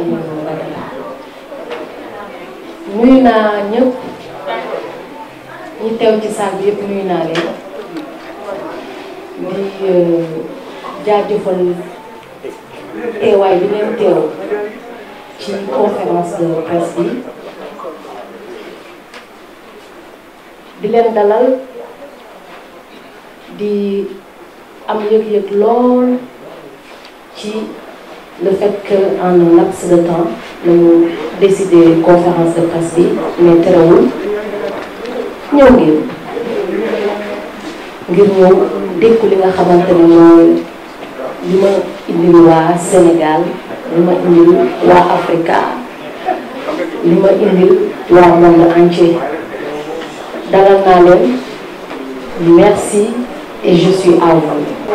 Aliou Mbagala nuyu naa ñëpp ñi teew ci salle bi yëpp nuyu naa leen di euh, jaajëfal teewaay bi leen teew ci conférence de presse di leen dalal di am yëg-yëg lool ci. le fait qu'en un laps de temps décidions décidé conférence de presse mais Nous Sénégal nous Africa li monde entier merci et je suis à vous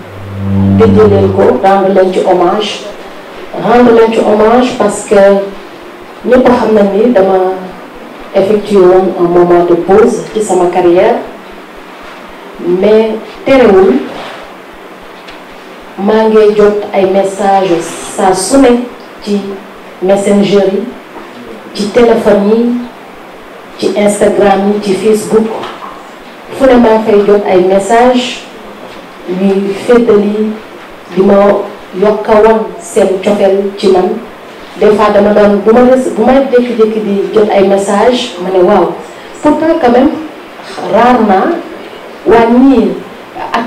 déggee leen ko rendre leen ci hommage rendre leen ci hommage parce que ne pas ramener dans ni dama un moment de pause sa ma carrière mais terewul maa ngi jot ay messages saa su qui messagerie, qui téléphonie, qui Instagram qui Facebook fu ne pas faire fay jot ay messages yuy féddali di ma yokk a wan seen cofeel ci man des fois dama doon bu ma bu ma jékki-jékki di jot ay message ma ne waaw pourtant quand même raar naa waa ñii ak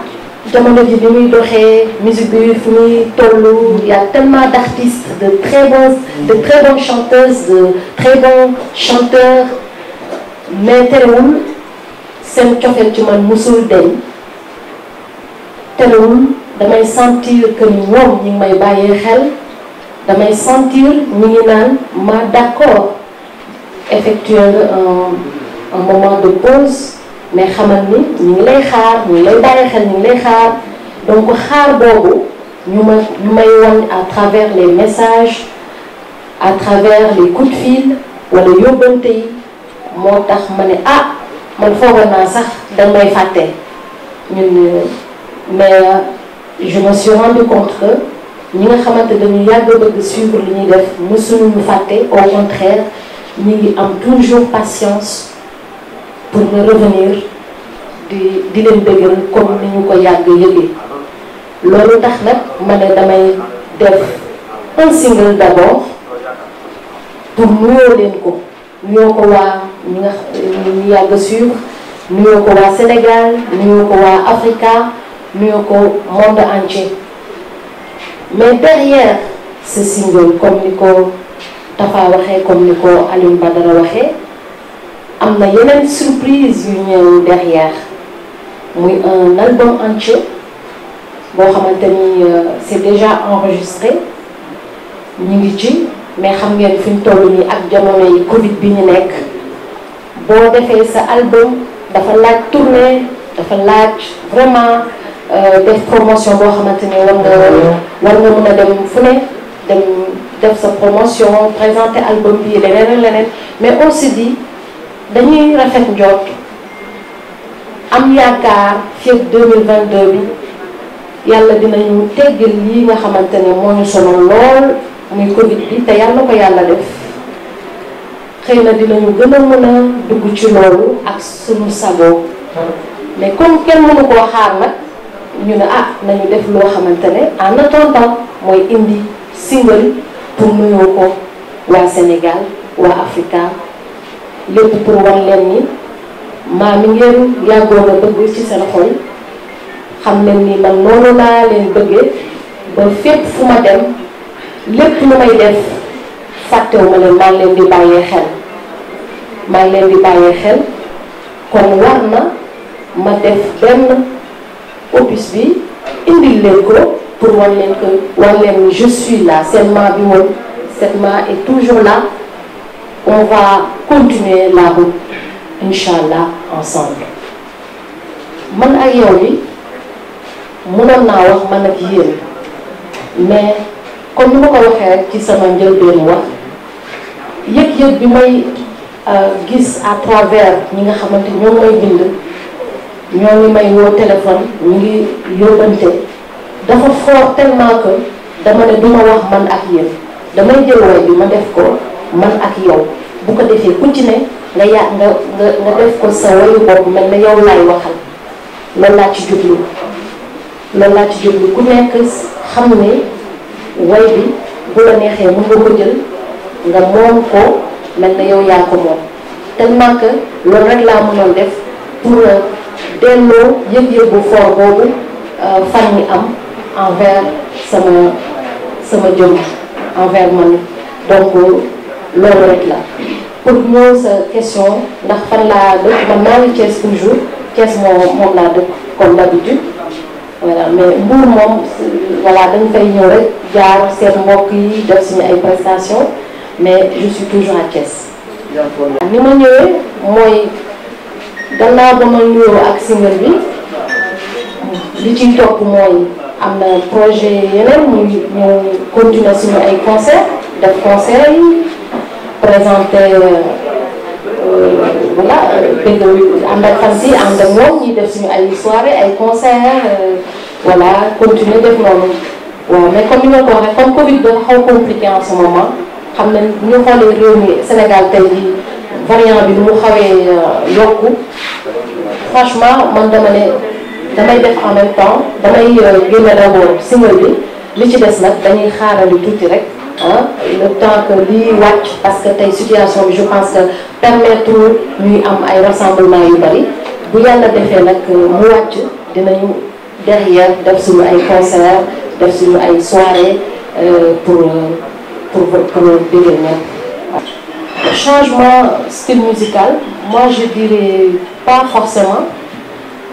jamono ji bi muy doxee musique bi fu muy toll y a tellement d'artistes de très bons de très bonnes chanteuses de très bons chanteurs mais terewul seen cofeel ci man musul deñ telewul damay sentir que ni ñoom ñu ngi may bàyyee xel damay sentir ñu ngi naan ma d'accord effectuer un moment de pause mais xamal ni ñu ngi lay xaar ñu ngi lay bàyyi xel ñu ngi lay xaar donc xaar boobu ñu ma ñu may wan à travers les messages à travers les coups de fil wala yóbbante yi moo tax ma ne ah man foogoon naa sax dañ may fàtte ñun. Euh, mais euh, je me suis rendu compte que nous nga toujours dañu suivre au contraire nous ngi toujours patience pour me revenir de comme nous avons Lorsque nous tax un single d'abord pour nous. Nous ko nous Sénégal nous mieux qu'au monde entier mais derrière ce single comme ni ko Tafa waxee comme ni ko Alioune Badara waxee am na une surprise yu derrière muy un album entier boo xamante euh, c'est déjà enregistré ñu ngi mais xam ngeen fi ñu toll nii ak jamono Covid bi ñu nekk boo defee sa album dafa laaj tournée dafa laaj vraiment. Euh, def promotion boo xamante war ah a dem promotion présenter album bi mais on se dit dañuy rafet am yaakaar fii 2022 bi yàlla dinañu lii nga xamante ne sonal lool muy Covid bi te yàlla ko yàlla def xëy dinañu gën a mën ci ak ah. mais comme kenn mënu koo xaar ñu ne ah nañu def loo xamante ne en attendant mooy indi single pour nuyoo ko waa Sénégal waa Africa lépp pour wan leen ni maa mi ngeen yàggoon a bëgg ci seen xol xam leen nii man noonu laa leen bëggee ba fépp fu ma dem lépp lu may def fàttewu ma leen maa leen di bàyyee xel maa leen di bàyyee xel kon war na ma def benn opus bi indi leen ko pour wan leen que wan leen je suis là Cette main bi moom cette main est toujours là on va continuer la route incha allah ensemble man ak yow yi mënoon naa wax man ak yéen mais comme ni ma ko waxee ci sama njëlbéenu wax yëg-yëg bi may euh, gis à travers ñi nga xamante ñoom may bind ñoo ngi may woo téléphone ngi yóbbante dafa fort tellement dama ne duma wax man ak yéen damay jël way bi ma def ko man ak yow bu ko defee ku ci ne nga ya nga nga nga def ko sa wayu bopp mel na yow laay waxal loolu laa ci jublu loolu laa ci jublu ku nekk xam ne way bi bu la neexee mën nga ko nga moom ko mel na yow yaa ko moom tellement que rek laa mënoon def pour. dello yeg yëg bu fort boobu euh, fan yi am envers sama sama jëm envers man donc loolu rek la pour ñëw sa question ndax fan laa dëkk man maa ngi Thiès toujours Thiès moo moom laa dëkk comme d'habitude voilà mais Mbour moom voilà dañ fay ñëw rek jaar seen mbokk yi def suñu ay prestation mais je suis toujours à Thiès ni ma ñëwee mooy gannaaw ba ma nuyoo ak single bi li ciy topp mooy am na projet yeneen ñu ñu continuer suñu ay concert def concert yi présenter euh, voilà bëgg ànd ak fan si ànd ak moom ñuy def suñu ay soirée ay concert euh, voilà continuer def noonu waaw mais comme ni ma ko waxee comme Covid dafa xaw compliqué en ce moment xam ne ñu xoolee réew mi Sénégal tey jii variant bi nu mu xawee yokku franchement man dama ne damay def en même temps damay génne d'abord single bi li ci des nag dañuy xaarandi tuuti rek ah le temps que lii parce que tey situation bi je pense que permettre ñuy am ay rassemblement yu bari bu yàlla defee nag mu wàcc dinañu derrière def suñu ay concert def suñu ay soirée pour pour pour déwén changement style musical moi je dirais pas forcément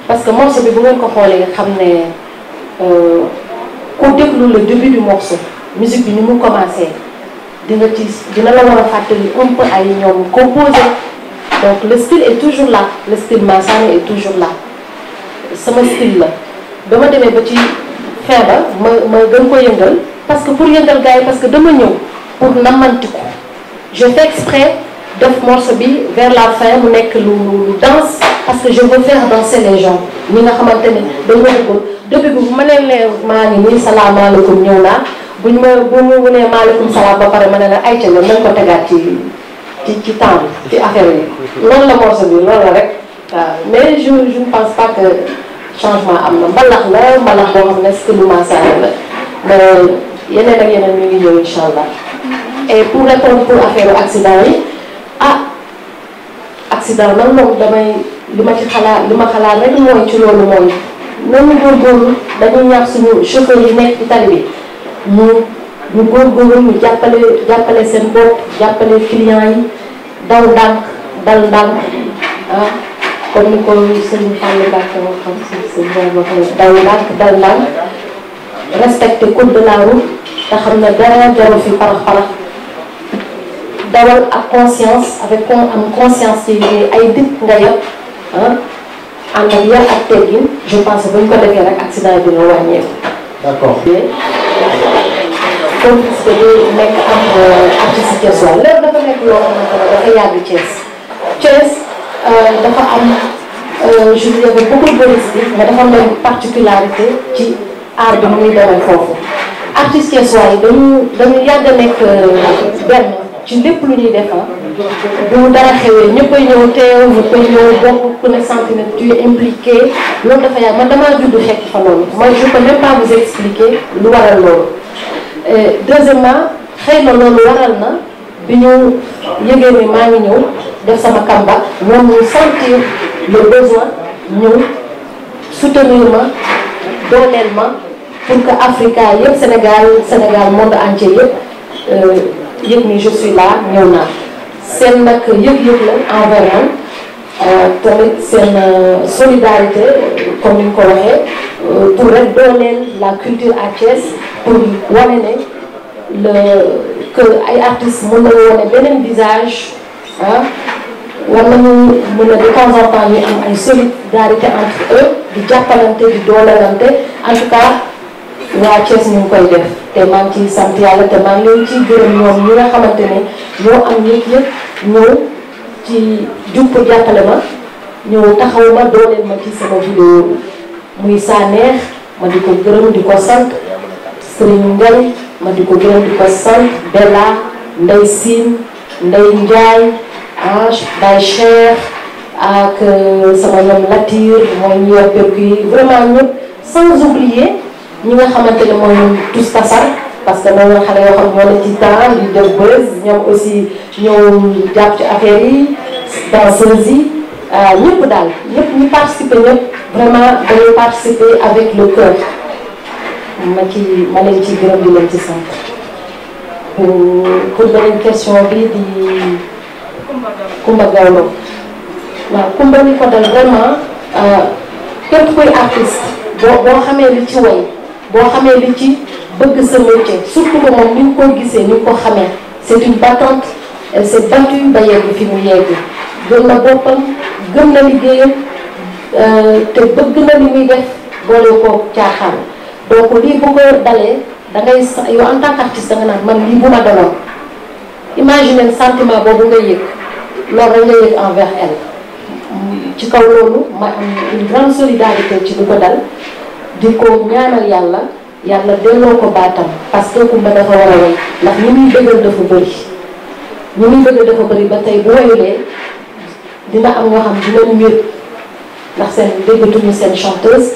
parce que moi, je suis ngeen ko on nga xam le début du morceau musique commencé Je nga ci la musique a on un donc le style est toujours là le style Massane est toujours là C'est mon style la ba ma demee ba je fin ba parce que pour yëngal gars parce que dama pour namantiku je fais exprès def morceau bi vers la fin mu nek lu danse parce que je veux faire danser les gens ñi nga xamante ne dañoo ko depuis bi bu ma leen nee maa ngi nii salaamaaleykum ñëw naa buñ ma bu mu né maaleykum salam ba paré ma ne la ay ca ñoom ko tegaat ci ci ci temps ci affaire yi non la morceau bi loolu la rek mais je je ne pense pas que changement amna na mbalax la mbalax boo xam ne lu Massar la mais yeneen ak yeneen ñu ngi ñëw inshallah et pour répondre pour affaire accident yi ah accident man moom damay li ma ci xalaat li ma xalaat rek mooy ci loolu mooy nañu góorgóorlu dañuy ñaax suñu chauffeur yi nekk ci bi ñu ñu góorgóorlu ñu jàppale jàppale seen bopp jàppale client yi daw ndànk dal ndànk ah comme te xam ne dara jaru fi parax parax d'abord à conscience, avec une conscience qui est pour d'ailleurs. En hein, arrière à Tegin, je pense que vous avez un accident de l'eau D'accord. Donc, c'est des mecs, artistes qui sont là Le mec de l'eau, il y a chess. Chess, je veux dire, beaucoup de bonnes idées mais il y a une particularité qui a donné dans le Artistes qui sont là, il y a des mecs euh, ci lépp lu ñuy defar ah, bu dara xewee ñëppay ñëw teew ñëppay ñëw bokk ku ne sentinelle tu es impliqué loolu dafa yaay man dama judd fekk fa loolu man je peux même pas vous expliquer lu waral loolu. Euh, deuxièmement xëy na loolu waral na bi ñu yëgee ni maa ngi ñëw def sama kamba ñoom ñu sentir le besoin ñëw soutenir ma dooleel ma pour que Africa yëpp Sénégal Sénégal monde entier yëpp. Euh, yëg ni je suis là ñëw naa seen nag yëg-yëg la envers man euh, tamit seen euh, solidarité comme ni ñu ko waxee euh, pour rek dooleel la culture à Thiès pour wane ne le que ay artistes mën nañu wane beneen visage ah war nañu mën a de temps en temps ñu am ay solidarité entre eux di jàppalante di doolelante en tout cas waa Thiès ñu ngi koy def te maa ngi ciy sant yàlla te maa ngi leen ciy gërëm ñoom ñi nga xamante ne ñoo am yëpp ñëw ci jub jàppale ma ñëw taxaw ma dooleel ma ci sama vidéo muy Sanex ma di ko gërëm di ko sant ma di ko gërëm di ko sant Bella Ndeye Sine Ndeye Ndiaye Ange Baye Cheikh ak euh, sama ñoom Latir mooy ñëw bépp yi vraiment ñëpp sans oublier ñi nga xamante ne mooy tous tasar parce que noonu la xale yoo xam ñoo ne ci temps di def buzz ñoom aussi ñëw jàpp ci affaire yi danseuses yi euh, ñëpp daal ñëpp ñu participer ñëpp vraiment dañuy participer avec le cœur ma ci ma leen ci gërëm di leen ci sant euh, pour beneen question bi di Kumba Gawlo waaw Kumba ni ko dal vraiment euh, képp kuy artiste boo boo xamee li ci woy boo xamee li ci bëgg sa métier surtout que moom ni ñu ko gisee ni ñu ko xamee c'est une battante elle s'est battue ba yegg fi mu yegg gëm na boppam gëm na liggéeyam euh, te bëgg na li muy def boole ko caaxaan donc lii bu ko dalee da ngay yow en tant qu'artiste da nga naan man lii bu ma daloon imagine sentiment boobu nga yëg loolu rek nga yëg envers elle ci kaw loolu ma am une grande solidarité ci lu ko dal di ko ñaanal yàlla yàlla delloo ko baatam parce que Kumba dafa war a way ndax ñi muy bëggal dafa bëri ñi muy bëggal dafa bëri ba tey bu wayulee dina am ñoo xam dinañ wér ndax seen déggatuñu seen chanteuse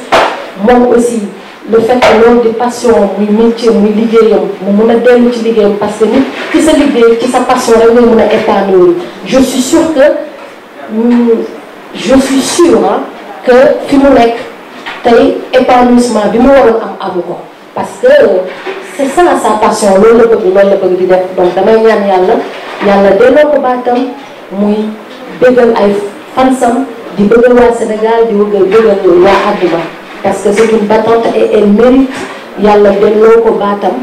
moom aussi le fait que loolu di passion muy métier muy liggéeyam mu mun a dellu ci liggéeyam parce que nit ci sa liggéey ci sa passion rek ngay mun a épanouir je suis sûr que hmm, je suis sûr hein, que fi mu nekk tey épanouissement bi mu waroon am avoco parce que c'est ça sa passion loolu la bëgg loolu la bëgg di def donc damay ñaan yàlla yàlla delloo ko baatam muy bëggal ay fansam di bëggal waa Sénégal di bëggal bëggal waa àdduna parce que c'est une battante et elle mérite yàlla delloo ko baatam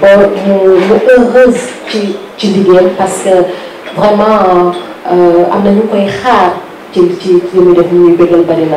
ba mu mu heureuse ci ci liggéeyam parce que vraiment euh, am na ñu koy xaar ci ci li muy def ñuy bëggal bari la.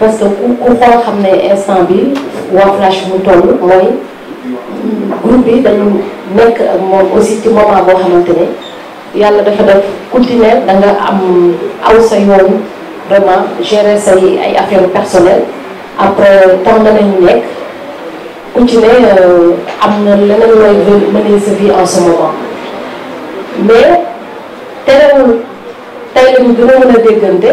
parce que ku ku xam ne instant bi waa Flash mu toll mooy groupe dañu nekk ak moom aussi ci moment boo xamante ne yàlla dafa def continuer danga nga am aw sa yoon vraiment gérer say ay affaires personnelles après temps la ñu nekk continuer euh, am na leneen looy mener sa vie en ce moment mais terewul tey lañu gën a mën a déggante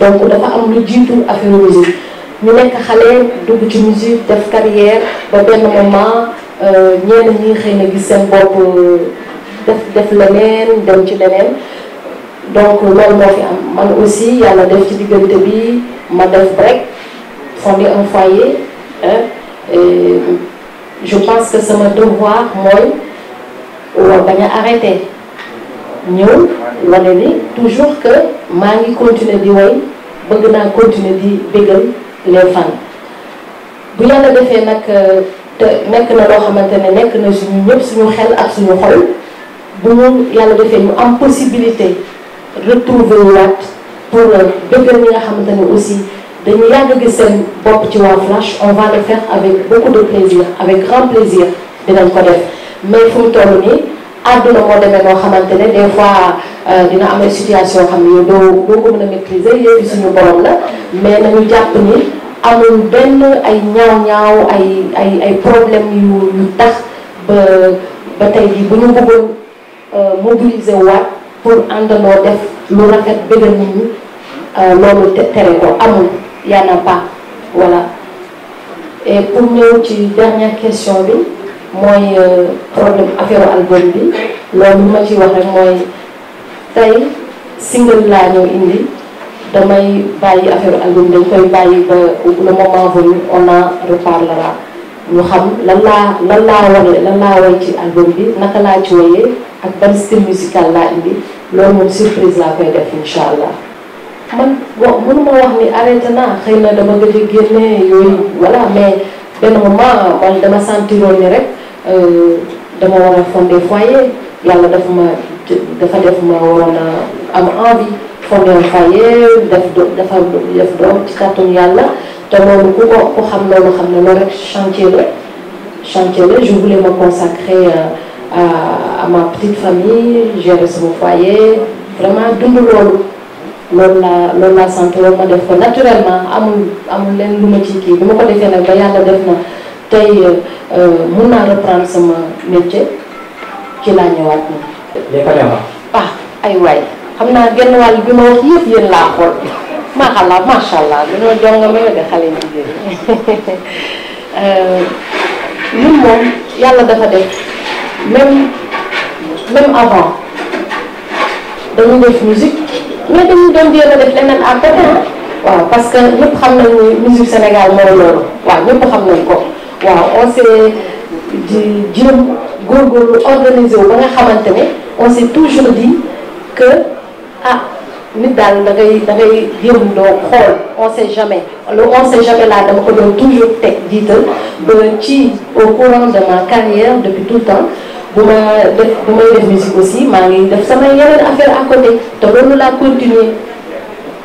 donc dafa am lu jiitu affaire musique ñu nekk xale dugg ci musique def carrière ba benn moment euh, ñi xëy na gis seen bopp def def leneen dem ci donc loolu moo fi am aussi def ci bi ma def fondé un foyer hein. je pense que sama devoir mooy arrêté toujours que mangi ngi continuer di woy bëgg naa continuer di bégal les fans bu yàlla defee nag euh, te nekk na loo xamante ne nekk na suñu ñëpp suñu xel ak suñu xol bu ñu yàlla defee ñu am possibilité retrouver waat pour euh, bégal ñi nga xamante aussi dañu yàgg gis seen ci waa Flash on va le faire avec beaucoup de plaisir avec grand plaisir dinañ ko def mais fu mu àdduna moo demee noo xamante ne des fois euh, dina am ay situation xam ne doo doo ko mën a maîtriser yëpp suñu borom la mais nañu jàpp ni amul benn ay ñaaw-ñaaw ay ay ay problème yu yu tax ba ba tey jii bu ñu bëggoon euh, mobiliser waat pour àndandoo def lu rafet bëggal nit ñi euh, loolu tere ko amul y en pas voilà et pour ñëw ci dernière question bi mooy euh, problème affaire album bi loolu ma ciy wax rek mooy tey single laa ñëw indi damay bàyyi affaire album dañ koy bàyyi ba le moment venu on en reparlera ñu xam lan laa lan laa lan laa way ci album bi naka laa ci woyee ak ban style musical laa indi loolu moom surprise laa koy def incha allah. man bon mënuma wax ni arrêté naa xëy na dama gëj a génne yooyu voilà mais benn moment man dama sentiroon ni rek. Euh, dama war a fonder foyer yàlla dafa ma dafa def ma waroon am envie fondé foyer def dafa def doom ci kàttan yàlla te loolu ku ko ku xam loolu xam ne loolu rek chantier la chantier la je voulais me consacrer euh, à à ma petite famille gérer sama foyer vraiment dund loolu loolu laa loolu laa sant loolu ma def ko naturellement amul amul leen lu ma ci kii bi ma ko defee nag ba yàlla def na tey euh, euh, mun naa reprendre sama métier ci laa ñëwaat nii. léeg ah, ay waay xam naa genn wàll bi ma wax yëpp yéen laa xool macha allah macha allah dañoo jongama de xale yu jigéen euh, ñun moom yàlla dafa def même même avant dañu def musique mais dañu doon jéem a def leneen à côté waaw parce que xam nañu musique Sénégal mooy loolu waaw ñëpp xam nañ ko. on s'est du jéem góorgóorlu organisé wu ba nga xamante on s'est toujours dit que ah nit daal da ngay da ngay jéem doo xool on sait jamais On ne sait jamais là dama ko doon toujours teg jiital ba ci au courant de ma carrière depuis tout le temps bu ma def bu aussi maa ngi def samay yeneen affaire à côté Donc loolu laa continuer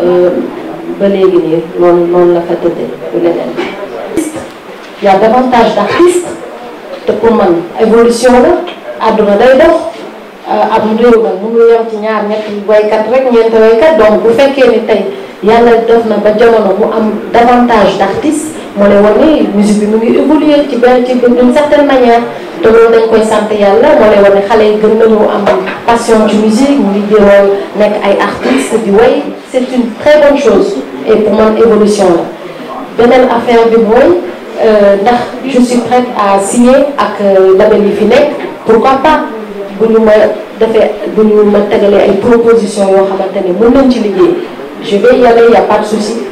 Euh, ba léegi nii noonu noonu la fa tëddee du leneen y a davantage d'artistes te pour man évolution la àdduna day dox euh, am réew nag mënul yem ci ñaar ñett waykat rek ñeenti waykat donc bu fekkee ni tey yàlla def na ba jamono mu am davantage d'artistes moo lay wan ni musique bi mu ngi évoluer ci benn ci d'une certaine manière te loolu dañ koy sant yàlla moo lay wan ni xale yi gën nañu am passion ci musique ñu ngi jéem nekk ay artistes di way c'est une très bonne chose et pour mon évolution la beneen affaire bi mooy euh, ndax je suis prête à signer ak euh, label yi fi nekk pourquoi pas bu ñu ma defee bu ñu ma tegalee ay propositions yoo xamante ni mën nañ ci liggéey je vais y aller y a pas de souci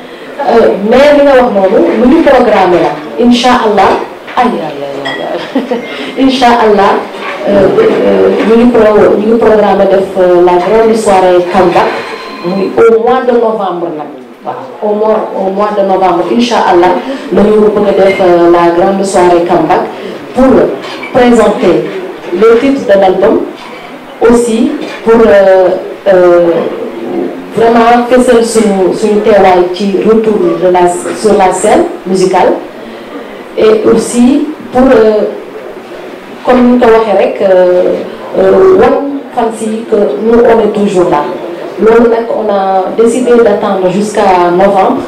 Euh, mais li nga wax noonu lu ñu programmé la incha allah ñu ngi def euh, la grande soirée comeback muy au mois de novembre nag au mois de novembre incha allah ñu bëgg def euh, la grande soirée comeback pour présenter les titres de l'album aussi pour. vraiment que c'est sur sur terrain qui retourne sur la scène musicale et aussi pour euh, comme nous euh, euh, avons que nous on est toujours là Donc, on a décidé d'attendre jusqu'à novembre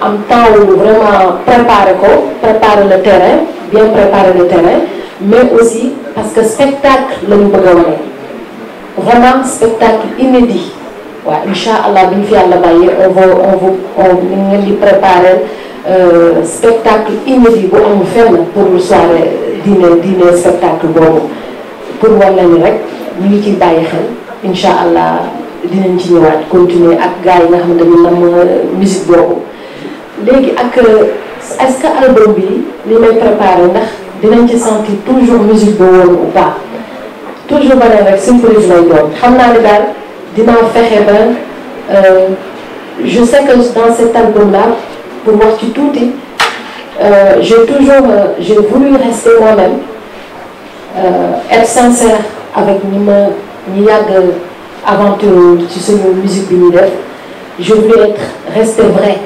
en temps où vraiment préparer quoi préparer le terrain bien préparer le terrain mais aussi parce que spectacle le ñu vraiment spectacle inédit wa incha allah bu ñu fi yàlla bàyyi on va on va on va lui leen préparer euh, spectacle inédit bu amul fenn pour le soirée dîner dîner spectacle bon pour voir nañu rek ñu ngi ciy bàyyi xel incha allah dinañ ci ñëwaat continuer ak gars yi nga xam dañu musique boobu. Légui, ak euh, est-ce que album bi li may préparer ndax dinañ ci sentir toujours musique bon ou pas toujours ba avec simple surprise lay doon xam les ne daal dinaa euh, je sais que dans cet album là pour tu tout euh, j'ai toujours euh, j'ai voulu rester moi-même euh, être sincère avec ni ma ni tout, aventure sais, la musique bi je voulais être rester vrai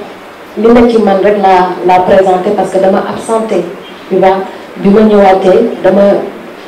qui' ma ci la la présenter parce que dama absenté tu vois bi ma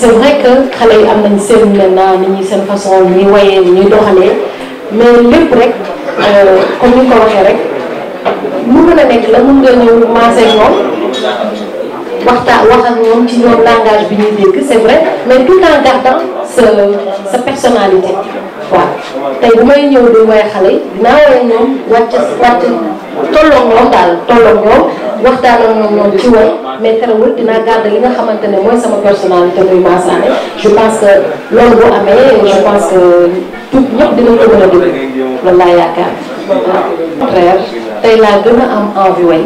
c'est vrai que xalé yi am nañ seen maintenant ni ñuy seen façon ni ñuy wayee ni ñuy doxalee mais lépp rek euh, comme ni nga ko waxee rek mën na la nekk la mën nga ñëw maase ñoom waxtaan wax ak ñoom ci ñoom langage bi ñuy dégg c'est vrai mais tout en gardant sa sa personnalité waaw tey bu may ñëw di woy xale yi dinaa woy ñoom wàcc wàcc tolloog ñoom daal tolloog ñoom waxtaan ak ñoom ñoom ci way mais terewul dinaa garder li nga xamante ne mooy sama personnalité muy Ma Sané je pense que loolu bu amee je pense que tout ñëpp dina ko mën a déglu loolu laa yaakaar. au contraire tey laa gën a am envie way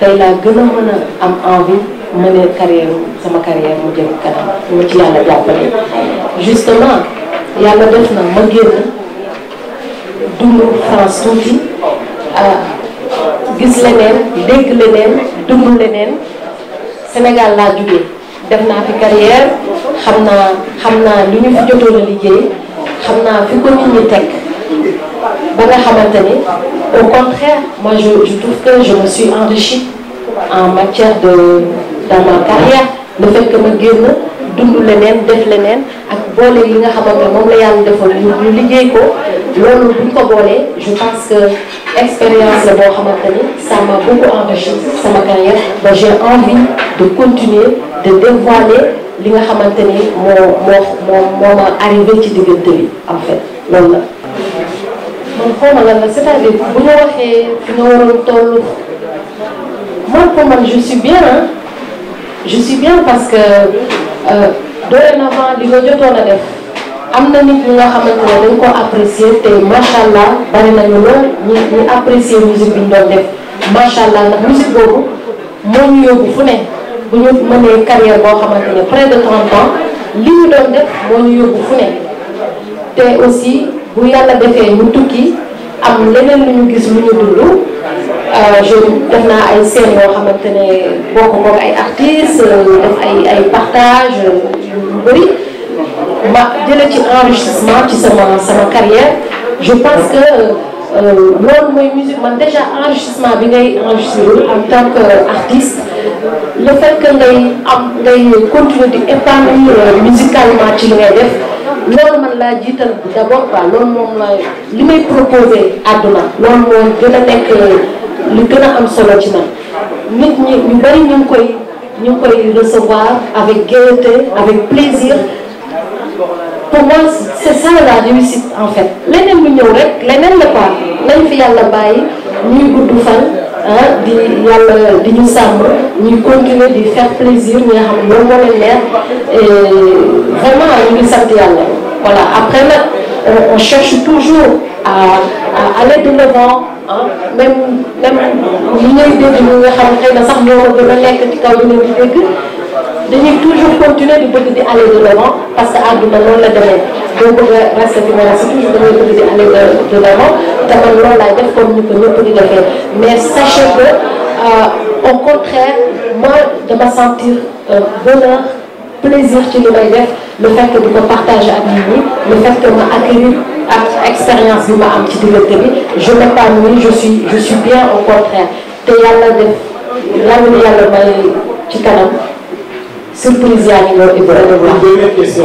tey laa gën a mën a am envie mener carrière sama carrière mu jëm kanam mu ci yàlla jàppale justement yàlla def na ma génn dund France tuuti ah gis leneen dégg leneen dund leneen Sénégal laa jugee def naa fi carrière xam naa xam naa lu ñu fi jotoon a liggéey xam naa fi ko nit ñi teg ba nga xamante ni au contraire moi je je trouve que je me suis enrichie en matière de dans ma carrière le fait que ma génn dund leneen def leneen ak boole yi nga xamante moom la yàlla defoon ñu ñu liggéey ko loolu bu ko boolee je pense que expérience la boo xamante ni ça m'a beaucoup enrichi sama carrière ba j'ai envie de continuer de dévoiler li nga xamante ni moo moo moo moo ma arrivé ci diggante bi en fait loolu la man xawma lan la c'est-à-dire bu ñu waxee fi nga waroon toll pour man je suis bien hein je suis bien parce que Euh, dorénavant li nga jotoon a def am na nit ñi nga xamante ne dañ ko apprécier te macha allah bari nañu lool ñi ñi apprécier musique bi ñu def macha allah ndax musique boobu moo ñu yóbbu fu ne bu ñu mënee carrière boo xamante ne près de 30 ans li ñu def moo ñu yóbbu fu ne te aussi bu yàlla defee ñu tukki am leneen lu ñu gis lu ñu dund. Euh, je def naa ay scènes yoo xamante ne bokk ay artistes euh, def ay ay partage oui euh, mais ma jële ci enrichissement ci sama sama carrière je pense que loolu mooy musique man déjà enrichissement bi ngay enrichir en tant qu'artiste artiste le fait que ngay am ngay continuer musicalement ci ngay def loolu man laa jiital d'abord quoi loolu moom la li may proposé àdduna loolu moo gën a nekk lu gën a am solo ci man nit ñi ñu bari ñu ngi koy ñu ngi koy recevoir avec gaieté avec plaisir pour moi c'est ça la réussite en fait leneen lu ñëw rek leneen la quoi nañ fi yàlla bàyyi ñuy gudd fan Hein, di yàlla euh, di ñu sàmm ñuy continuer de faire plaisir ñi nga xam ne leer et vraiment ñu ngi sant yàlla voilà après euh, on cherche toujours à aller de l'avant hein, même même li ngay dégg ñi nga xam xëy na sax ñoo ma gën a nekk ci kaw ñu di dégg dañuy toujours continuer de bëgg di aller de l'avant parce que àdduna noonu la demee donc grâce à Fimala c'est je donne une petite année de l'avant, d'abord nous la def comme nous pouvons nous faire. Mais sachez que, euh, au contraire, moi, de me sentir euh, bonheur, plaisir que nous l'avons le fait que nous partageons avec nous, le fait que nous à expérience de ma petite télé, je n'ai pas nuit, je suis, je suis bien au contraire. Surprise à niveau surprise de la question.